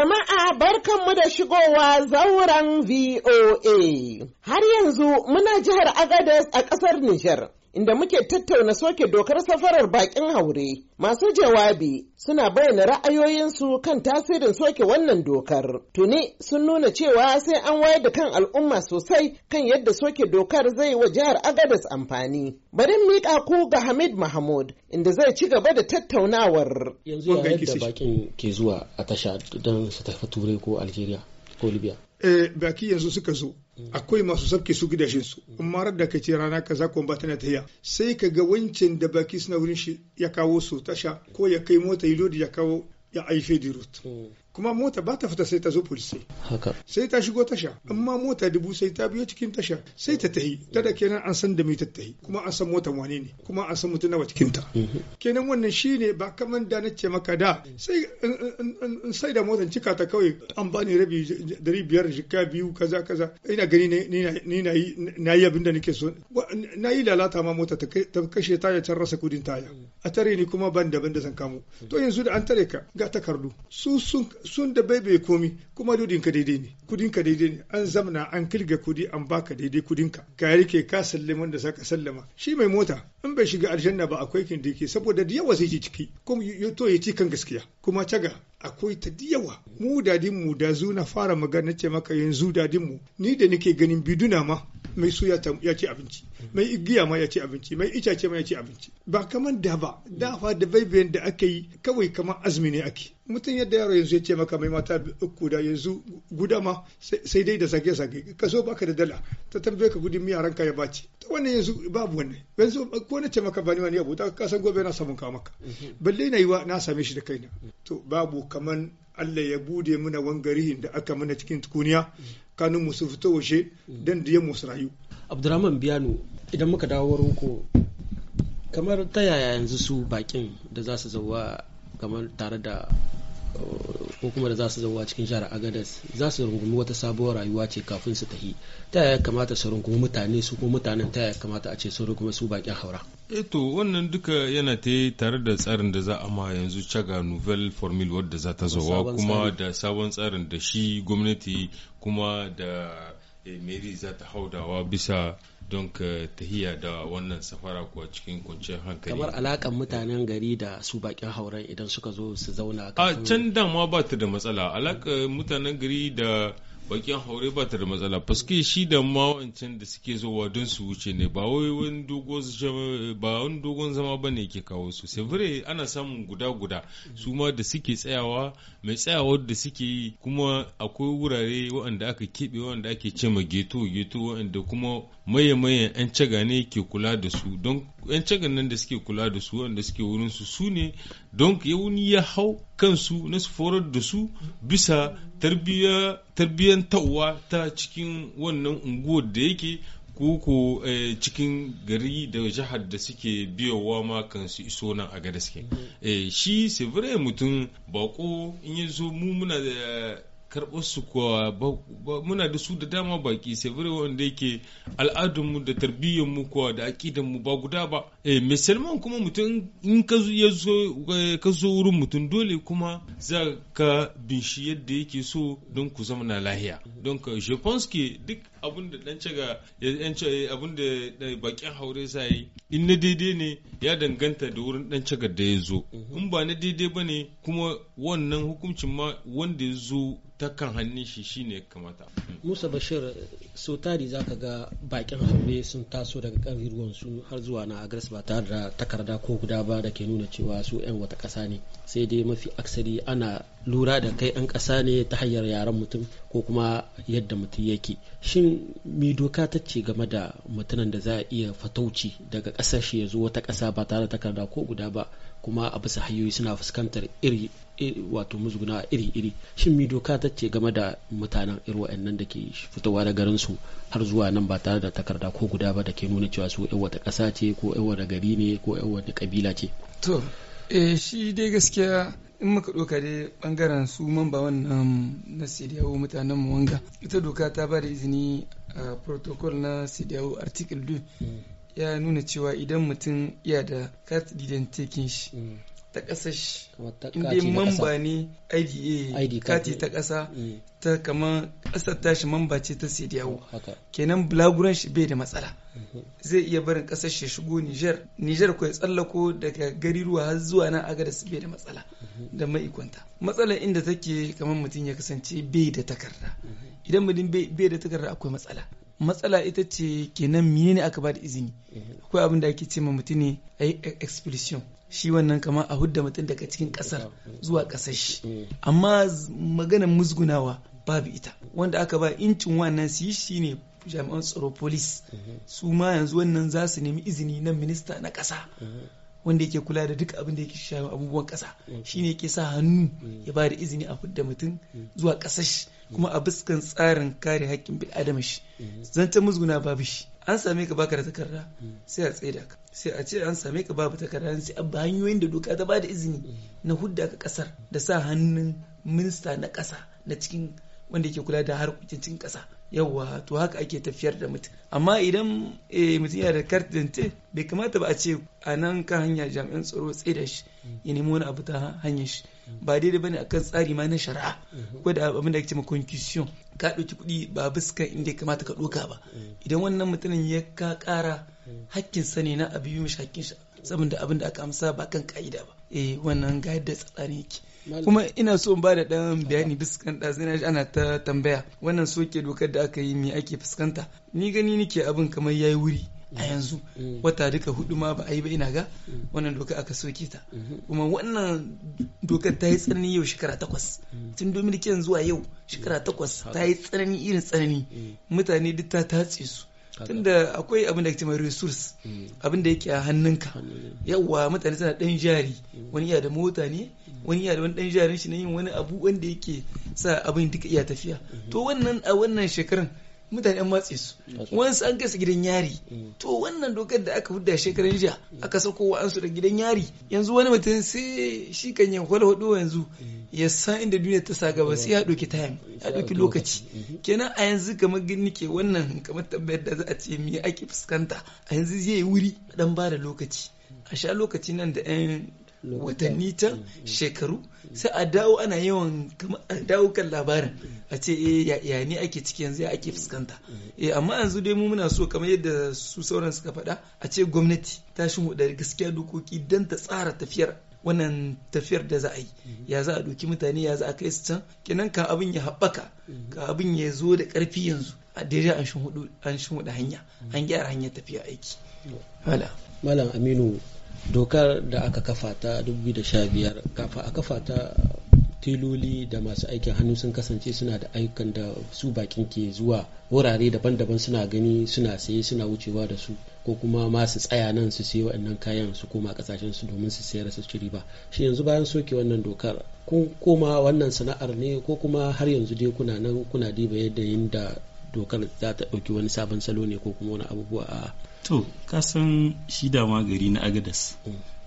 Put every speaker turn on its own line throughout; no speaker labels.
Jama'a barkanmu da shigowa zauren VOA. Har yanzu muna jihar Agadez a ƙasar Nijar, inda muke tattauna soke dokar safarar bakin haure. Masu jawabi suna bayyana ra'ayoyinsu kan tasirin soke wannan dokar. Tuni sun nuna cewa sai an wayar da kan al'umma sosai kan yadda soke dokar zai wa jihar Agadas amfani. Bari miƙa ku ga Hamid Mahmud inda zai ci gaba da tattaunawar. Yanzu yadda
bakin ke zuwa a tasha don su tafi Turai ko Algeria ko Libya.
Eh, baki yanzu suka zo akwai masu sabke su gidashin su amma da ka ce rana kaza ko ba tana tahiya sai ka ga wancan da baki suna wurin shi ya kawo su tasha ko ya kai mota yi lodi ya kawo ya aife di rut hmm. kuma mota ba ta fita sai ta zo haka sai ta shigo tasha amma mota dubu sai ta biyo cikin tasha sai ta tahi tada kenan an san da mai ta kuma an san mota wane ne kuma an san mutum nawa cikin ta mhm. kenan wannan shine ba kaman da nace maka da sai sai da motan cika ta kawai an bani rabi dari biyar jika biyu kaza kaza ina gani ni na yi na yi abinda nake so na yi lalata ma mota ta kashe taya can rasa kudin taya a tare ni kuma ban daban da zan kamo to yanzu da an tare ka ga takardu su sun sun da bai bai komi kuma dudin ka daidai ne kudin ka daidai ne an zamna an kirga kudi an baka daidai kudin ka ga yake ka sallama da saka sallama shi mai mota in bai shiga aljanna ba akwai kin dake saboda da yawa sai ciki kuma to ya ci kan gaskiya kuma taga akwai ta yawa mu dadinmu da zu na fara magana ce maka yanzu dadinmu ni da nake ganin biduna ma mai su ya ci abinci mai igiya ma ya ci abinci mai itace ma ya ci abinci ba kamar da ba da fa da baibayen da aka yi kawai kamar azumi ne ake mutum yadda yaro yanzu ya ce maka mai mata uku da yanzu guda ma sai dai da zage zage ka zo baka da dala ta tambaye ka gudun miya ranka ya baci wannan yanzu babu wannan yanzu ko na ce maka bani wani abu ta kasan gobe na samun kawo maka mm-hmm. balle na yi wa na same shi da kaina to babu kamar Allah ya bude muna wangarihin da aka mana cikin tukuniya kanun musu su fito washe dan da mu rayu Abdurrahman Biyano idan muka dawo wurin
kamar ta yaya yanzu su bakin da za su zauwa kamar tare da uh, ko kuma da za su zauwa cikin jihar agadas za su rungumi wata sabuwar rayuwa ce kafin su tafi ta yaya kamata su rungumi mutane su ko mutanen ta yaya kamata a ce su rungumi su bakin haura
eto eh wannan duka yana ta tare da tsarin da za a ma yanzu caga nouvelle formule wadda za ta zowa kuma da sabon tsarin da shi gwamnati kuma da eh, meri za ta haudawa bisa don ka tahiya da wannan safara kuwa cikin kwanciyar hankali kamar
alakan mutanen gari da su bakin hauren idan suka zo
su zauna a can dama ba ta da matsala alakan mutanen gari da bakin haure ba ta da matsala fuske shi da mawancin da suke zowa don su wuce ne ba wai wani dogon zama ba ne ke kawo su sevire ana samun guda-guda su ma da suke tsayawa mai tsayawa da suke yi kuma akwai wurare waɗanda aka keɓe waɗanda ake ce ma geto geto waɗanda kuma maye-mayen 'yan caga ne ke kula da su don 'yan cagan nan da suke kula da su wanda suke wurin su su ne don wani ya hau kansu na su forar da su bisa tarbiyyar ta'uwa ta cikin wannan unguwar da yake koko eh, cikin gari da jihar da suke biyowa ma kansu iso nan a ga suke eh, shi sevire mutum bako in ya zo mu muna da karɓar su kuwa muna da su da dama baki sai wanda yake al'adunmu da mu kuwa da mu ba guda ba eh musulman kuma mutum in eh, ka zo wurin mutum dole kuma za ka binshi yadda yake so don ku zama na lahiya don ka je duk abun da dan ga yan ce eh, abun da bakin haure sa yi in na daidai ne ya danganta da wurin dan da ya zo mhm. in ba na daidai ba ne kuma wannan hukuncin ma wanda ya zo ta kan hannun shi shine ya kamata
musa bashir so tari za ka ga bakin haure sun taso daga ƙabiruwan su har zuwa na agres ba tare da takarda ko guda ba da ke nuna cewa su 'yan wata kasa ne sai dai mafi aksari ana lura da kai 'yan kasa ne ta hanyar yaren mutum ko kuma yadda mutum yake shin mi doka ta ce game da mutumin da za a iya fatauci daga ƙasashe shi ya zo wata ƙasa ba tare da takarda ko guda ba kuma a bisa hanyoyi suna fuskantar iri wato musguna iri-iri shin mi doka ta ce game da mutanen irin nan da ke fitowa da garin su har zuwa nan ba tare da takarda ko guda ba da ke nuna cewa su yan wata ƙasa ce ko yan wata gari ne ko yan wata ƙabila ce
to eh shi dai gaskiya in muka ɗauka dai ɓangaren su ba wannan na sidiyawo mutanen mu wanga ita doka ta ba da izini a protocol na sidiyawo article 2 ya nuna cewa idan mutum ya da kat identity shi mm. ta ƙasa shi inda mamba ne ida kati ta ƙasa ta kama ƙasar tashi mamba ce ta sediyawo mm, kenan bulaguran shi bai da matsala mm-hmm. zai iya barin ƙasar shi shigo nijar niger kai tsallako daga gari ruwa har zuwa nan agada su bai da matsala mm-hmm. da ma'ikonta matsalar inda take kamar mutum ya kasance bai da takarda mm-hmm. idan mutum bai da takarda akwai matsala matsala ita ce kenan miye ne aka ba da izini mhm. akwai abin da ake ce ma mutum ne a yi expulsion shi wannan kama a hudda mutum daga cikin kasar zuwa kasar shi mhm. amma maganar musgunawa babu ita wanda aka ba incin wannan su yi shi ne jami'an tsaro police mhm. su ma yanzu wannan za su nemi izini na minista na ƙasa wanda yake kula da duk abin da yake shawo abubuwan kasa mm. shine yake sa hannu mm. ya ba da izini a fidda mutum mm. zuwa kasash kuma a biskan tsarin kare haƙƙin bil adam shi zancen musguna babu shi an same ka baka da takarda sai a tsaida ka sai a ce an same ka babu takarda sai a hanyoyin da doka ta ba da izini na hudda ka kasar da sa hannun minista na kasa na cikin wanda yake kula da harkokin cikin kasa Yawwa, to haka ake tafiyar da mutum amma idan eh, mutum yana da kartin te bai kamata ba a ce a nan kan hanya jami'an tsaro tsaye da shi ya nemi wani abu ta hanyar shi ba daidai bane akan tsari ma na shari'a ko da abin da ake cewa concussion ka ɗauki kuɗi ba biskan inda ya kamata ka ɗauka ba idan wannan mutumin ya ka ƙara hakkin sani na abin yi mishi hakkin shi saboda abin da aka amsa ba kan ka'ida ba eh wannan ga yadda tsakani yake kuma ina so ba da ɗan bayani biskan da sai ana ta tambaya wannan soke dokar da aka yi me ake fuskanta ni gani nike abin kamar yayi wuri a mm. yanzu mm. wata duka hudu ma ba a yi ba ina ga mm. wannan doka aka soke ta mm-hmm. kuma wannan dokar ta yi tsanani yau shekara takwas tun domin zuwa yau shekara takwas ta yi tsanani irin tsanani mutane duk ta tatse su tunda akwai abin da ke cewa resource hmm. abin da yake a hannunka yawa mutane suna dan jari hmm. wani iya da mota ne hmm. wani iya da wani dan jarin shi ne yin wani abu wanda yake sa abin duka iya tafiya to wannan a wannan shekaran mutane ɗan matse su wansu an kai gidan yari mm. to wannan dokar da aka hudda shekaran jiya aka sako wa ansu da gidan yari yanzu wani mutum sai shi kan yan kwala hudu yanzu mm. ya san inda duniya ta sa gaba sai ya ɗauki time ya ɗauki lokaci mm-hmm. kenan a yanzu kamar gini ke wannan kamar tabbayar da za a ce me ake fuskanta a yanzu zai yi wuri dan ba da lokaci a sha lokaci nan da 'yan watanni can mm, mm. shekaru mm. sai a dawo ana yawan kama a dawo kan labarin a ce eh, ya ne ake ciki yanzu ya ake fuskanta eh, amma yanzu dai mu muna so kamar yadda su sauran suka faɗa a ce gwamnati ta da gaskiya dokoki don ta tsara tafiyar wannan tafiyar da za a yi mm-hmm. ya za a doki mutane ya za a kai su can kenan ka abin ya haɓaka mm-hmm. ka abin ya zo da ƙarfi yanzu a daidai an shimfiɗa hanya an gyara hanyar tafiya aiki
malam aminu dokar da aka kafa ta biyar kafa a kafa ta tiloli da masu aikin hannu sun kasance suna da ayyukan da su bakin ke zuwa wurare daban-daban suna gani suna saye suna wucewa da su ko kuma ma tsaya nan su sayi waɗannan kayan su koma kasashen su domin su sayar su ciri ba shi yanzu bayan soke wannan dokar kun koma wannan sana'ar ne ko kuma har yanzu dai kuna nan kuna diba yadda yin da dokar za ta ɗauki wani sabon salo ne ko kuma wani abubuwa a
to kasan shi dama gari na agadas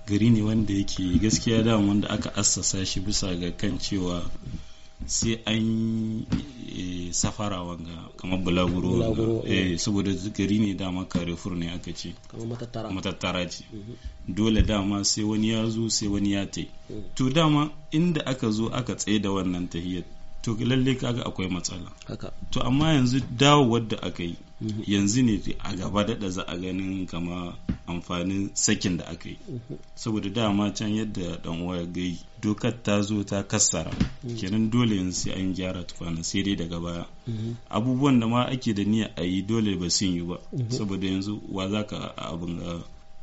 gari ne wanda yake gaskiya dama wanda aka assasa shi bisa ga kan cewa sai an eh, safara wanga kamar bulaguro wanga eh. Eh, saboda gari ne dama karefur ne aka ce matattara ce mhm. dole dama sai wani ya zo sai wani ya tai mm. to dama inda aka zo aka tsaye da wannan tahiyar to lalle kaga akwai matsala haka to amma yanzu dawowar da aka yi mhm. yanzu ne a gaba daɗa za a ganin kama amfanin sakin da aka yi mhm. saboda dama can yadda dan uwa gai dokar ta zo ta kassara mhm. kenan dole yanzu sai an gyara tukwana sai dai daga baya abubuwan da ma ake da niyya a yi dole ba sun yi ba saboda yanzu wa za ka abin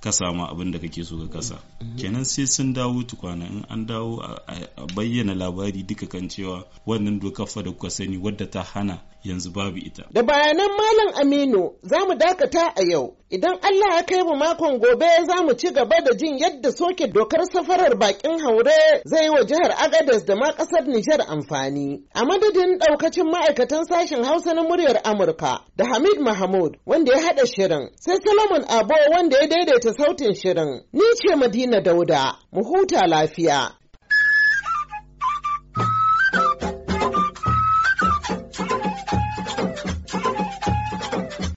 kasa ma abin da kake so ka kasa kenan sai sun dawo tukwana in an dawo a bayyana labari duka kan cewa wannan dokar fa da kuka sani wadda ta hana yanzu babu
ita da bayanan malam aminu za mu dakata a yau idan allah ya kai mu makon gobe za mu ci gaba da jin yadda soke dokar safarar bakin haure zai wa jihar agadas da ma kasar nijar amfani a madadin daukacin ma'aikatan sashen hausa na muryar amurka da hamid mahmud wanda ya hada shirin sai solomon abo wanda ya daidaita sautin shirin. Ni ce Madina Dauda, mu huta lafiya.